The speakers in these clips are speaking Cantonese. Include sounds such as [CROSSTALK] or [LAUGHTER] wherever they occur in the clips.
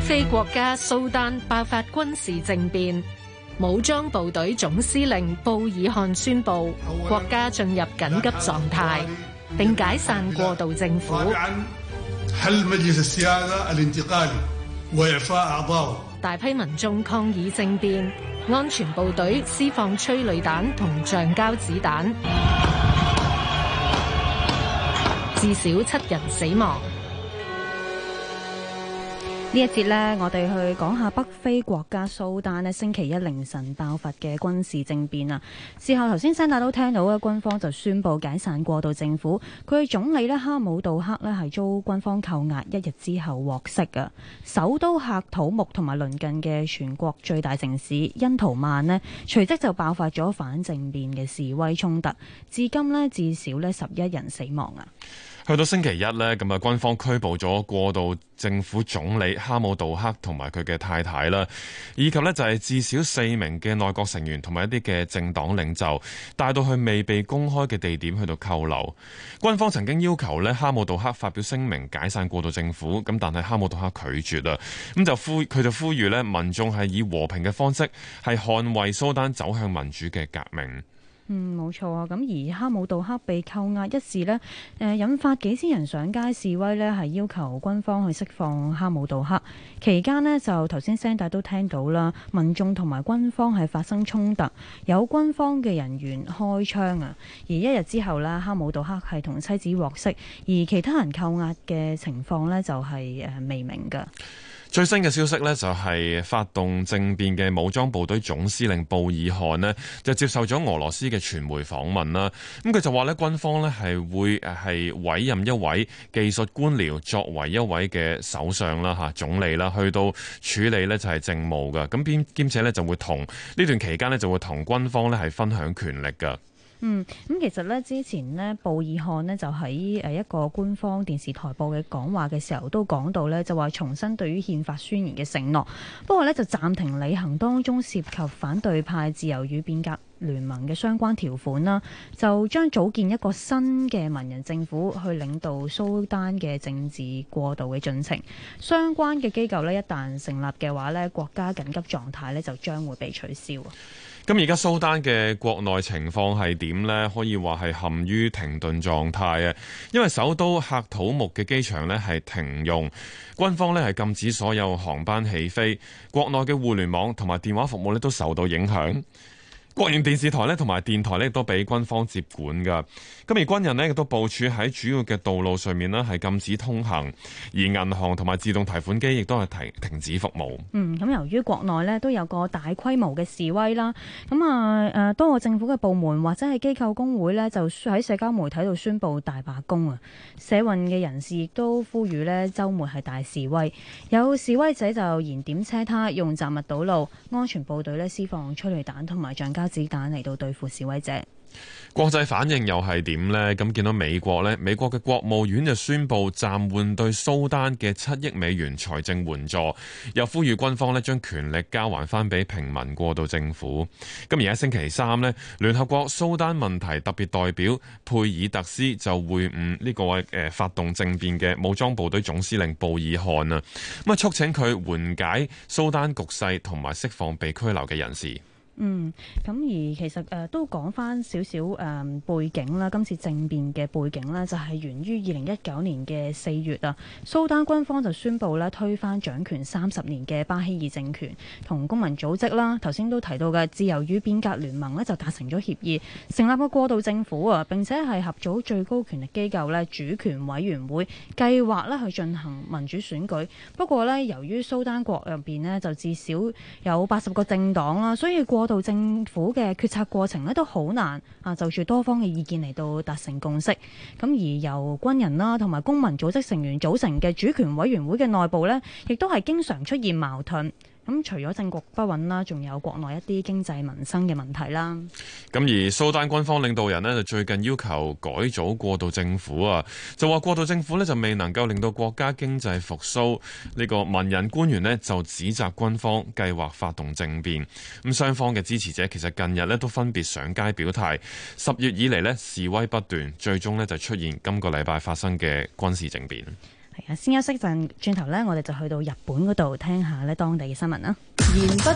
非洲國家蘇丹爆發軍事政變，武裝部隊總司令布爾漢宣布國家進入緊急狀態，並解散過渡政府。大批民眾抗議政變，安全部隊施放催淚彈同橡膠子彈，至少七人死亡。呢一節呢，我哋去講下北非國家蘇丹呢星期一凌晨爆發嘅軍事政變啊！事後頭先，新大家都聽到咧，軍方就宣布解散過渡政府，佢嘅總理呢，哈姆杜克呢，係遭軍方扣押，一日之後獲釋啊。首都喀土穆同埋鄰近嘅全國最大城市恩圖曼呢，隨即就爆發咗反政變嘅示威衝突，至今呢，至少呢十一人死亡啊！去到星期一呢，咁啊，軍方拘捕咗過渡政府總理哈姆杜克同埋佢嘅太太啦，以及呢就係至少四名嘅內閣成員同埋一啲嘅政黨領袖，帶到去未被公開嘅地點去到扣留。軍方曾經要求呢哈姆杜克發表聲明解散過渡政府，咁但係哈姆杜克拒絕啦，咁就呼佢就呼籲呢民眾係以和平嘅方式係捍衛蘇丹走向民主嘅革命。嗯，冇錯啊。咁而哈姆杜克被扣押一事呢，誒，引發幾千人上街示威呢係要求軍方去釋放哈姆杜克。期間呢，就頭先聲帶都聽到啦，民眾同埋軍方係發生衝突，有軍方嘅人員開槍啊。而一日之後呢，哈姆杜克係同妻子獲釋，而其他人扣押嘅情況呢，就係、是、誒，未明噶。最新嘅消息呢，就係發動政變嘅武裝部隊總司令布爾汗呢，就接受咗俄羅斯嘅傳媒訪問啦。咁佢就話呢，軍方呢係會委任一位技術官僚作為一位嘅首相啦，吓總理啦，去到處理呢就係政務㗎。咁兼兼且呢，就會同呢段期間呢，就會同軍方呢係分享權力㗎。嗯，咁其實咧，之前咧，布爾漢咧就喺誒一個官方電視台播嘅講話嘅時候，都講到咧，就話重新對於憲法宣言嘅承諾。不過咧就暫停履行當中涉及反對派自由與變革聯盟嘅相關條款啦，就將組建一個新嘅文人政府去領導蘇丹嘅政治過渡嘅進程，相關嘅機構咧一旦成立嘅話咧，國家緊急狀態咧就將會被取消。咁而家蘇丹嘅國內情況係點呢？可以話係陷於停頓狀態啊！因為首都喀土木嘅機場呢係停用，軍方呢係禁止所有航班起飛，國內嘅互聯網同埋電話服務呢都受到影響。國營電視台咧同埋電台咧都俾軍方接管嘅。今日軍人咧亦都部署喺主要嘅道路上面咧係禁止通行，而銀行同埋自動提款機亦都係停停止服務。嗯，咁由於國內咧都有個大規模嘅示威啦，咁啊誒多個政府嘅部門或者係機構工會呢，就喺社交媒體度宣布大罷工啊！社運嘅人士亦都呼籲咧週末係大示威，有示威者就燃點車胎用雜物堵路，安全部隊呢，施放催淚彈同埋橡膠子彈嚟到對付示威者。國際反應又係點呢？咁見到美國咧，美國嘅國務院就宣布暫緩對蘇丹嘅七億美元財政援助，又呼籲軍方咧將權力交還翻俾平民過渡政府。咁而家星期三咧，聯合國蘇丹問題特別代表佩爾特斯就會晤呢個誒發動政變嘅武裝部隊總司令布爾漢啊，咁啊促請佢緩解蘇丹局勢同埋釋放被拘留嘅人士。嗯，咁而其實誒、呃、都講翻少少誒背景啦，今次政變嘅背景咧就係、是、源於二零一九年嘅四月啊，蘇丹軍方就宣布咧推翻掌權三十年嘅巴希爾政權同公民組織啦，頭先都提到嘅自由與變革聯盟咧就達成咗協議，成立個過渡政府啊，並且係合組最高權力機構咧主權委員會計劃咧去進行民主選舉。不過咧，由於蘇丹國入邊咧就至少有八十個政黨啦，所以過到政府嘅決策過程咧都好難啊，就住多方嘅意見嚟到達成共識。咁而由軍人啦同埋公民組織成員組成嘅主權委員會嘅內部咧，亦都係經常出現矛盾。咁除咗政局不穩啦，仲有國內一啲經濟民生嘅問題啦。咁而蘇丹軍方領導人呢就最近要求改組過渡政府啊，就話過渡政府呢就未能夠令到國家經濟復甦。呢個文人官員就指責軍方計劃發動政變。咁雙方嘅支持者其實近日呢都分別上街表態。十月以嚟呢示威不斷，最終呢就出現今個禮拜發生嘅軍事政變。係啊，先休息陣，轉頭咧，我哋就去到日本度聽下咧當地嘅新聞啦。言不。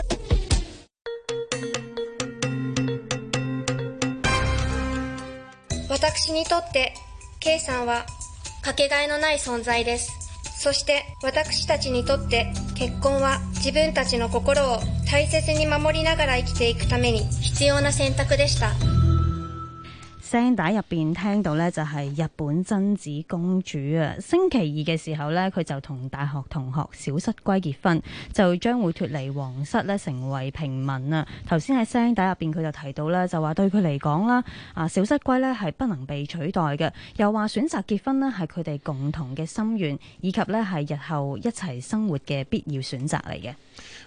聲帶入邊聽到呢，就係日本真子公主啊！星期二嘅時候呢，佢就同大學同學小室圭結婚，就將會脫離皇室呢，成為平民啊！頭先喺聲帶入邊佢就提到咧，就話對佢嚟講啦，啊小室圭呢係不能被取代嘅，又話選擇結婚呢，係佢哋共同嘅心願，以及呢係日後一齊生活嘅必要選擇嚟嘅。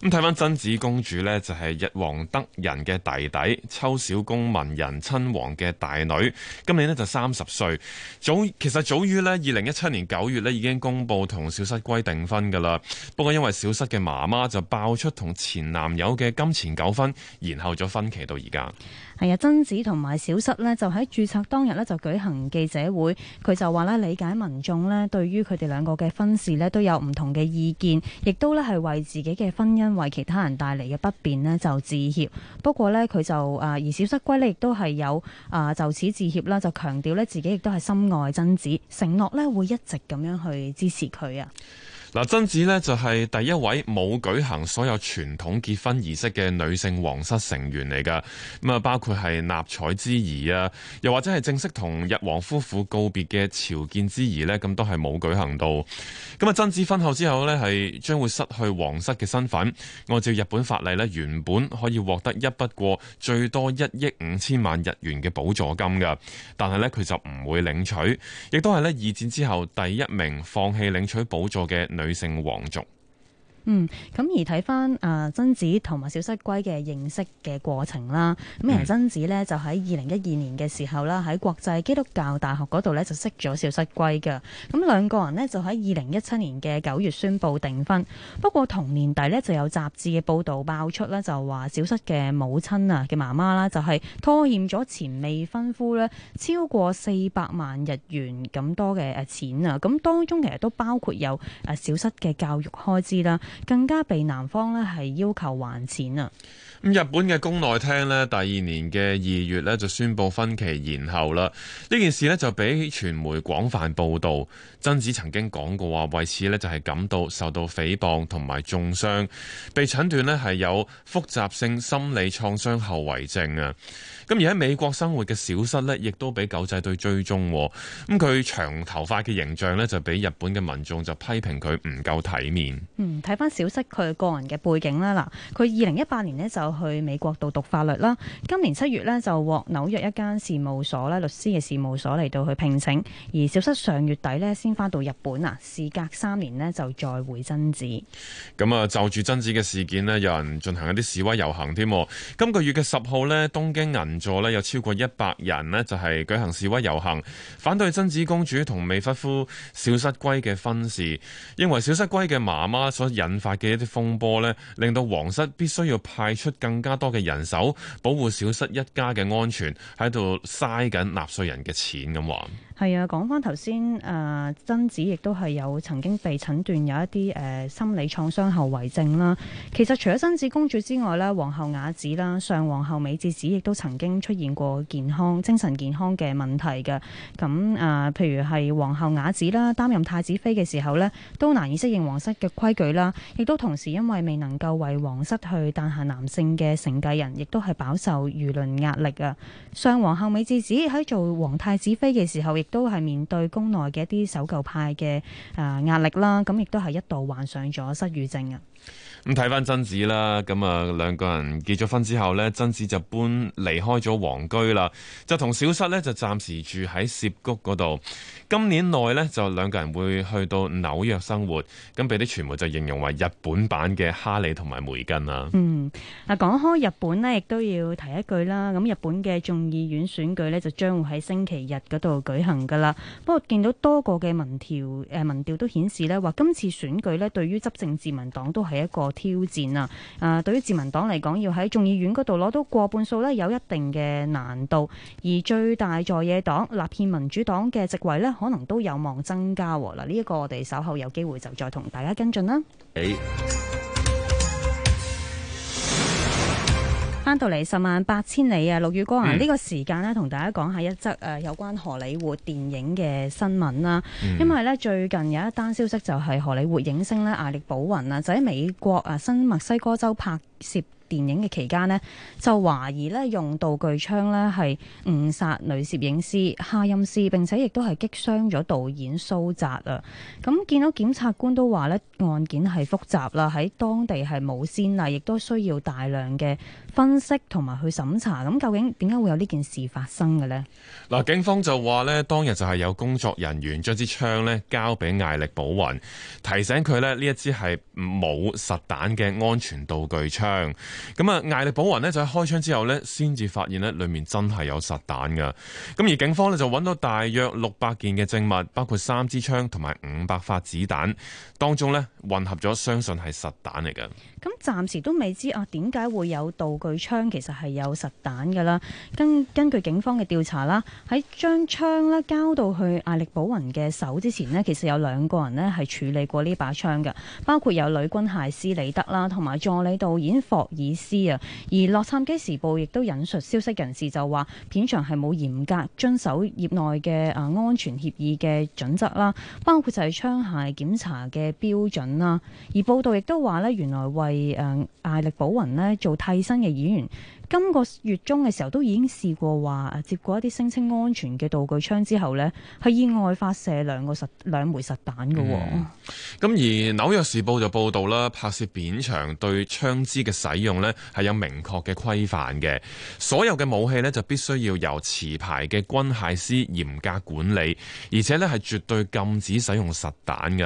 咁睇翻真子公主呢，就係日皇德仁嘅弟弟、秋篠宮文仁親王嘅大今年咧就三十歲，早其實早於咧二零一七年九月咧已經公佈同小室圭訂婚噶啦，不過因為小室嘅媽媽就爆出同前男友嘅金錢糾紛，延後咗婚期到而家。係啊，真子同埋小室呢，就喺註冊當日咧就舉行記者會，佢就話咧理解民眾咧對於佢哋兩個嘅婚事咧都有唔同嘅意見，亦都咧係為自己嘅婚姻為其他人帶嚟嘅不便咧就致歉。不過呢，佢就誒而小室圭呢，亦都係有誒、啊、就此致歉啦，就強調咧自己亦都係深愛真子，承諾咧會一直咁樣去支持佢啊。嗱，真子呢就係第一位冇舉行所有傳統結婚儀式嘅女性皇室成員嚟㗎。咁啊包括係納彩之儀啊，又或者係正式同日皇夫婦告別嘅朝見之儀呢，咁都係冇舉行到。咁啊，真子婚後之後呢，係將會失去皇室嘅身份。按照日本法例呢，原本可以獲得一筆過最多一億五千萬日元嘅補助金㗎，但係呢，佢就唔會領取，亦都係呢，二戰之後第一名放棄領取補助嘅女女性皇族。嗯，咁而睇返誒真子同埋小室圭嘅認識嘅過程啦。咁、嗯、人真子呢，就喺二零一二年嘅時候啦，喺國際基督教大學嗰度呢，就識咗小室圭㗎。咁兩個人呢，就喺二零一七年嘅九月宣布訂婚。不過同年底呢，就有雜誌嘅報導爆出啦，就話小室嘅母親啊嘅媽媽啦，就係拖欠咗前未婚夫咧超過四百萬日元咁多嘅誒錢啊。咁當中其實都包括有小室嘅教育開支啦。更加被男方咧係要求還錢啊！咁日本嘅宮內廳咧第二年嘅二月咧就宣布分期延後啦。呢件事咧就俾傳媒廣泛報導。真子曾經講過話，為此咧就係感到受到誹謗同埋中傷，被診斷咧係有複雜性心理創傷後遺症啊！咁而喺美國生活嘅小室咧，亦都俾狗仔隊追蹤。咁佢長頭髮嘅形象咧，就俾日本嘅民眾就批評佢唔夠體面。嗯，小室佢個人嘅背景啦，嗱，佢二零一八年呢就去美國度讀法律啦。今年七月呢就獲紐約一間事務所咧律師嘅事務所嚟到去聘請。而小室上月底呢先返到日本啊，事隔三年呢就再會真子。咁啊，就住真子嘅事件呢，有人進行一啲示威遊行添。今個月嘅十號呢，東京銀座呢有超過一百人呢就係舉行示威遊行，反對真子公主同未婚夫小室圭嘅婚事，認為小室圭嘅媽媽所引引發嘅一啲風波呢，令到皇室必須要派出更加多嘅人手保護小室一家嘅安全，喺度嘥緊納稅人嘅錢咁話。係啊，講翻頭先，誒、呃，真子亦都係有曾經被診斷有一啲誒、呃、心理創傷後遺症啦。其實除咗真子公主之外咧，皇后雅子啦、上皇后美智子亦都曾經出現過健康、精神健康嘅問題嘅。咁誒，譬、呃、如係皇后雅子啦，擔任太子妃嘅時候呢，都難以適應皇室嘅規矩啦，亦都同時因為未能夠為皇室去誕下男性嘅承繼人，亦都係飽受輿論壓力啊。上皇后美智子喺做皇太子妃嘅時候，亦都係面對宮內嘅一啲守舊派嘅誒壓力啦，咁亦都係一度患上咗失語症啊！咁睇翻真子啦，咁啊兩個人結咗婚之後呢，真子就搬離開咗皇居啦，就同小室呢就暫時住喺涉谷嗰度。今年內呢，就兩個人會去到紐約生活，咁俾啲傳媒就形容為日本版嘅哈利同埋梅根啊。嗯，嗱講開日本呢，亦都要提一句啦。咁日本嘅眾議院選舉呢，就將會喺星期日嗰度舉行噶啦。不過見到多個嘅民調，誒民調都顯示呢，話今次選舉呢，對於執政自民黨都係一個。挑戰啊！啊，對於自民黨嚟講，要喺眾議院嗰度攞到過半數呢，有一定嘅難度。而最大在野黨立憲民主黨嘅席位呢，可能都有望增加。嗱，呢一個我哋稍後有機會就再同大家跟進啦。Hey. 翻到嚟十萬八千里啊！六月光啊！呢、嗯、個時間呢，同大家講一下一則誒、啊、有關荷里活電影嘅新聞啦、啊。嗯、因為呢，最近有一單消息就係、是、荷里活影星呢，艾力保雲啊，就喺美國啊新墨西哥州拍攝電影嘅期間呢，就懷疑呢用道具槍呢係誤殺女攝影師夏音斯，並且亦都係擊傷咗導演蘇澤啊。咁、啊、見到檢察官都話呢案件係複雜啦，喺當地係冇先例，亦都需要大量嘅。分析同埋去審查，咁究竟點解會有呢件事發生嘅呢？嗱，警方就話呢當日就係有工作人員將支槍咧交俾艾力保雲，提醒佢咧呢一支係冇實彈嘅安全道具槍。咁啊，艾力保雲咧就喺開槍之後呢先至發現咧裡面真係有實彈嘅。咁而警方咧就揾到大約六百件嘅證物，包括三支槍同埋五百發子彈，當中呢混合咗相信係實彈嚟嘅。咁暫時都未知啊，點解會有道具？具槍其實係有實彈噶啦，根根據警方嘅調查啦，喺將槍咧交到去艾力保雲嘅手之前咧，其實有兩個人咧係處理過呢把槍嘅，包括有女軍械師李德啦，同埋助理導演霍爾斯啊。而《洛杉磯時報》亦都引述消息人士就話，片場係冇嚴格遵守業內嘅啊安全協議嘅準則啦，包括就係槍械檢查嘅標準啦。而報道亦都話咧，原來為誒艾力保雲咧做替身嘅。醫院。今個月中嘅時候都已經試過話接過一啲聲稱安全嘅道具槍，之後呢係意外發射兩個實兩枚實彈嘅。咁、嗯、而紐約時報就報導啦，拍攝片場對槍支嘅使用呢係有明確嘅規範嘅，所有嘅武器呢，就必須要由持牌嘅軍械師嚴格管理，而且呢係絕對禁止使用實彈嘅。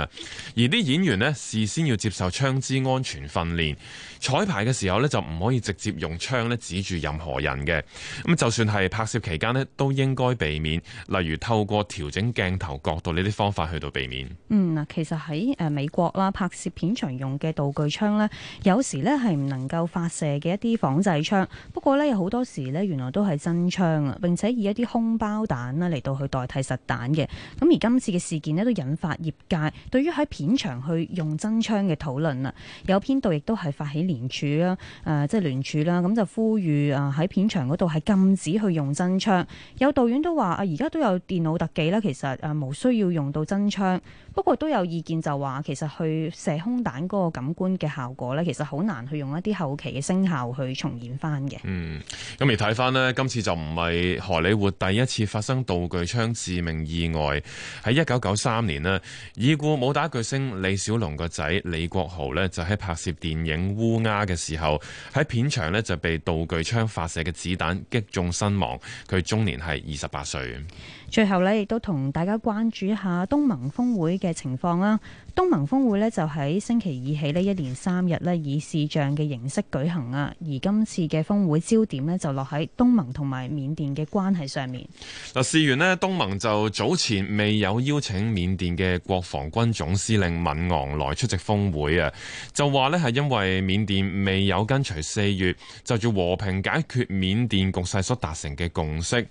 而啲演員呢，事先要接受槍支安全訓練，彩排嘅時候呢就唔可以直接用槍呢住任何人嘅，咁就算係拍攝期間咧，都應該避免，例如透過調整鏡頭角度呢啲方法去到避免。嗯，嗱，其實喺誒美國啦，拍攝片場用嘅道具槍咧，有時咧係唔能夠發射嘅一啲仿製槍，不過咧有好多時咧原來都係真槍啊，並且以一啲空包彈啦嚟到去代替實彈嘅。咁而今次嘅事件咧都引發業界對於喺片場去用真槍嘅討論啊，有編導亦都係發起聯署啊誒、呃就是嗯、即係聯署啦，咁、嗯、就呼。如啊喺片場嗰度係禁止去用真槍，有導演都話啊，而家都有電腦特技啦，其實誒冇需要用到真槍。不過都有意見就話，其實去射空彈嗰個感官嘅效果呢，其實好難去用一啲後期嘅聲效去重現翻嘅。嗯，咁而睇翻呢，今次就唔係荷里活第一次發生道具槍致命意外。喺一九九三年呢，已故武打巨星李小龍個仔李國豪呢，就喺拍攝電影《烏鴉》嘅時候，喺片場呢就被道。巨槍發射嘅子彈擊中身亡，佢終年係二十八歲。最後呢，亦都同大家關注一下東盟峰會嘅情況啦。東盟峰會呢，就喺星期二起呢一連三日呢，以視像嘅形式舉行啊。而今次嘅峰會焦點呢，就落喺東盟同埋緬甸嘅關係上面。嗱，事緣呢，東盟就早前未有邀請緬甸嘅國防軍總司令敏昂萊出席峰會啊，就話呢，係因為緬甸未有跟隨四月就住和平解決緬甸局勢所達成嘅共識，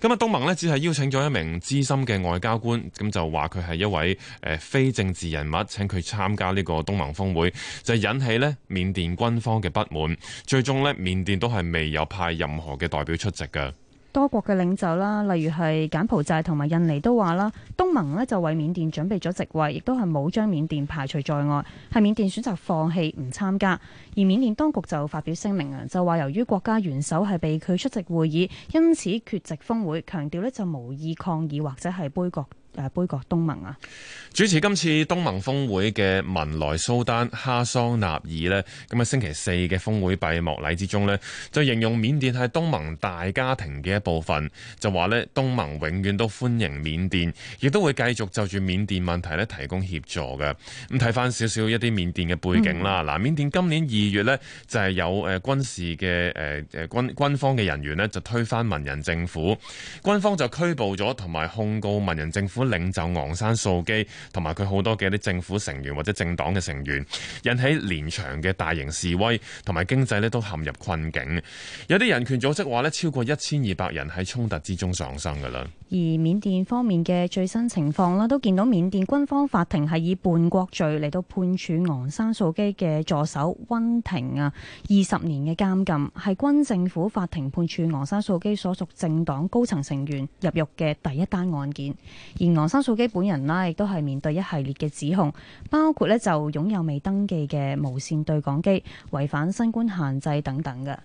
今日東盟呢只係邀請咗一名資深嘅外交官，咁就話佢係一位誒非政治人物，請佢參加呢個東盟峰會，就引起呢緬甸軍方嘅不滿，最終呢緬甸都係未有派任何嘅代表出席嘅。多國嘅領袖啦，例如係柬埔寨同埋印尼都話啦，東盟呢就為緬甸準備咗席位，亦都係冇將緬甸排除在外，係緬甸選擇放棄唔參加，而緬甸當局就發表聲明啊，就話由於國家元首係被拒出席會議，因此缺席峰會，強調呢就無意抗議或者係杯葛。誒杯葛東盟啊！主持今次東盟峰會嘅文萊蘇丹哈桑納爾呢，咁啊星期四嘅峰會閉幕禮之中呢，就形容緬甸係東盟大家庭嘅一部分，就話呢，東盟永遠都歡迎緬甸，亦都會繼續就住緬甸問題呢提供協助嘅。咁睇翻少少一啲緬甸嘅背景啦，嗱、嗯，緬甸今年二月呢，就係、是、有誒、呃、軍事嘅誒誒軍軍方嘅人員呢，就推翻文人政府，軍方就拘捕咗同埋控告文人政府。領袖昂山素基同埋佢好多嘅啲政府成員或者政黨嘅成員，引起連場嘅大型示威，同埋經濟咧都陷入困境。有啲人權組織話咧，超過一千二百人喺衝突之中喪生噶啦。而緬甸方面嘅最新情況咧，都見到緬甸軍方法庭係以叛國罪嚟到判處昂山素基嘅助手溫庭啊二十年嘅監禁，係軍政府法庭判處昂山素基所屬政黨高層成員入獄嘅第一單案件。昂山素基本人啦，亦都係面對一系列嘅指控，包括咧就擁有未登記嘅無線對講機、違反新冠限制等等嘅。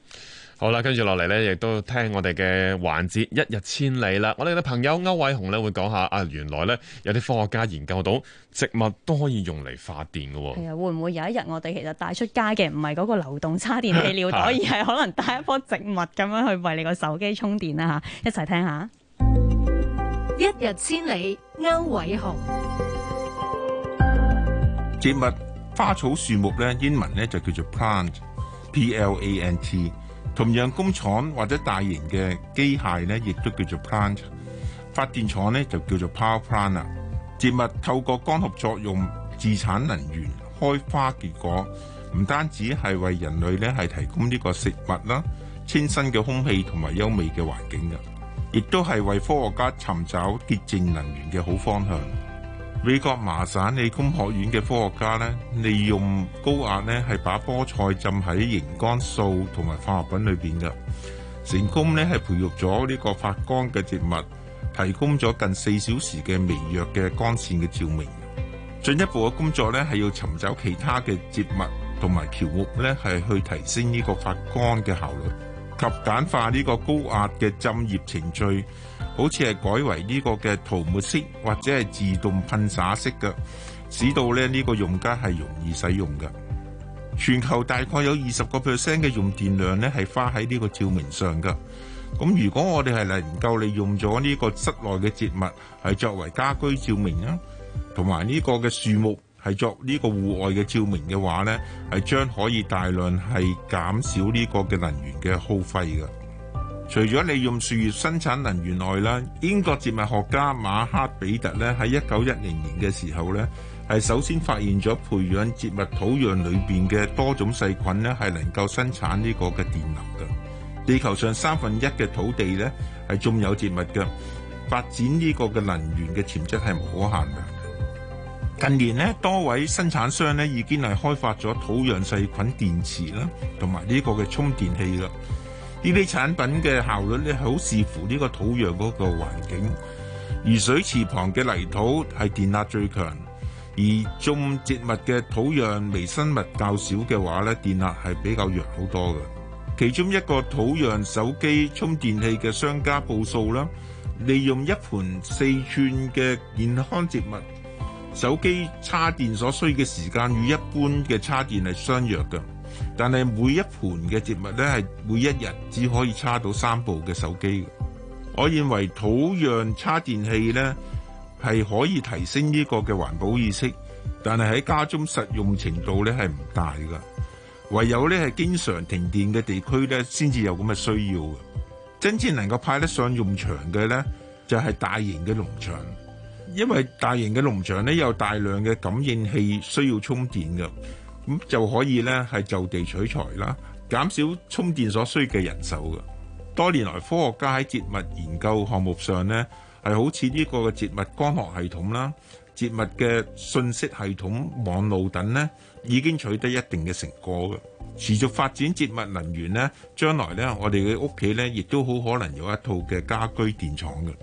好啦，跟住落嚟咧，亦都聽我哋嘅環節一日千里啦。我哋嘅朋友區煒洪咧會講下啊，原來咧有啲科學家研究到植物都可以用嚟發電嘅喔。係啊，會唔會有一日我哋其實帶出街嘅唔係嗰個流動叉電器料袋， [LAUGHS] 的而係可能帶一棵植物咁樣去為你個手機充電啦？吓，一齊聽下。一日千里，區煒洪。植物、花草、樹木咧，英文咧就叫做 plant，P L A N T。同樣工廠或者大型嘅機械咧，亦都叫做 plant。發電廠咧就叫做 power plant。植物透過光合作用自產能源，開花結果，唔單止係為人類咧係提供呢個食物啦、清新嘅空氣同埋優美嘅環境嘅，亦都係為科學家尋找潔淨能源嘅好方向。美國麻省理工學院嘅科學家咧，利用高壓咧係把菠菜浸喺熒光素同埋化學品裏邊嘅，成功咧係培育咗呢個發光嘅植物，提供咗近四小時嘅微弱嘅光線嘅照明。進一步嘅工作咧係要尋找其他嘅植物同埋喬木咧係去提升呢個發光嘅效率。及簡化呢個高壓嘅浸液程序，好似係改為呢個嘅塗抹式或者係自動噴灑式嘅，使到咧呢個用家係容易使用嘅。全球大概有二十個 percent 嘅用電量咧係花喺呢個照明上噶。咁如果我哋係能夠利用咗呢個室內嘅植物係作為家居照明啊，同埋呢個嘅樹木。係作呢個戶外嘅照明嘅話呢，係將可以大量係減少呢個嘅能源嘅耗費嘅。除咗利用樹葉生產能源外啦，英國植物學家馬克比特呢喺一九一零年嘅時候呢，係首先發現咗培養植物土壤裏邊嘅多種細菌呢係能夠生產呢個嘅電能嘅。地球上三分一嘅土地呢係種有植物嘅，發展呢個嘅能源嘅潛質係無可限量。近年咧，多位生產商咧已經係開發咗土壤細菌電池啦，同埋呢個嘅充電器啦。呢啲產品嘅效率咧，好視乎呢個土壤嗰個環境。而水池旁嘅泥土係電壓最強，而種植物嘅土壤微生物較少嘅話咧，電壓係比較弱好多嘅。其中一個土壤手機充電器嘅商家報數啦，利用一盆四寸嘅健康植物。手機叉電所需嘅時間與一般嘅叉電係相若㗎，但係每一盤嘅植物咧係每一日只可以叉到三部嘅手機。我認為土壤叉電器咧係可以提升呢個嘅環保意識，但係喺家中實用程度咧係唔大㗎，唯有咧係經常停電嘅地區咧先至有噉嘅需要嘅。真正能夠派得上用場嘅咧就係大型嘅農場。因為大型嘅農場咧有大量嘅感應器需要充電嘅，咁就可以咧係就地取材啦，減少充電所需嘅人手嘅。多年來科學家喺植物研究項目上咧，係好似呢個嘅植物光學系統啦、植物嘅信息系統網路等咧，已經取得一定嘅成果嘅。持續發展植物能源咧，將來咧我哋嘅屋企咧亦都好可能有一套嘅家居電廠嘅。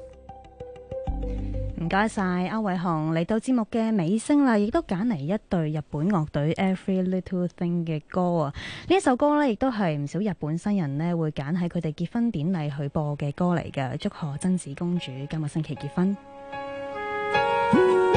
唔該晒，歐偉雄，嚟到節目嘅尾聲啦，亦都揀嚟一對日本樂隊 Every Little Thing 嘅歌啊！呢一首歌咧，亦都係唔少日本新人咧會揀喺佢哋結婚典禮去播嘅歌嚟嘅，祝賀真子公主今個星期結婚。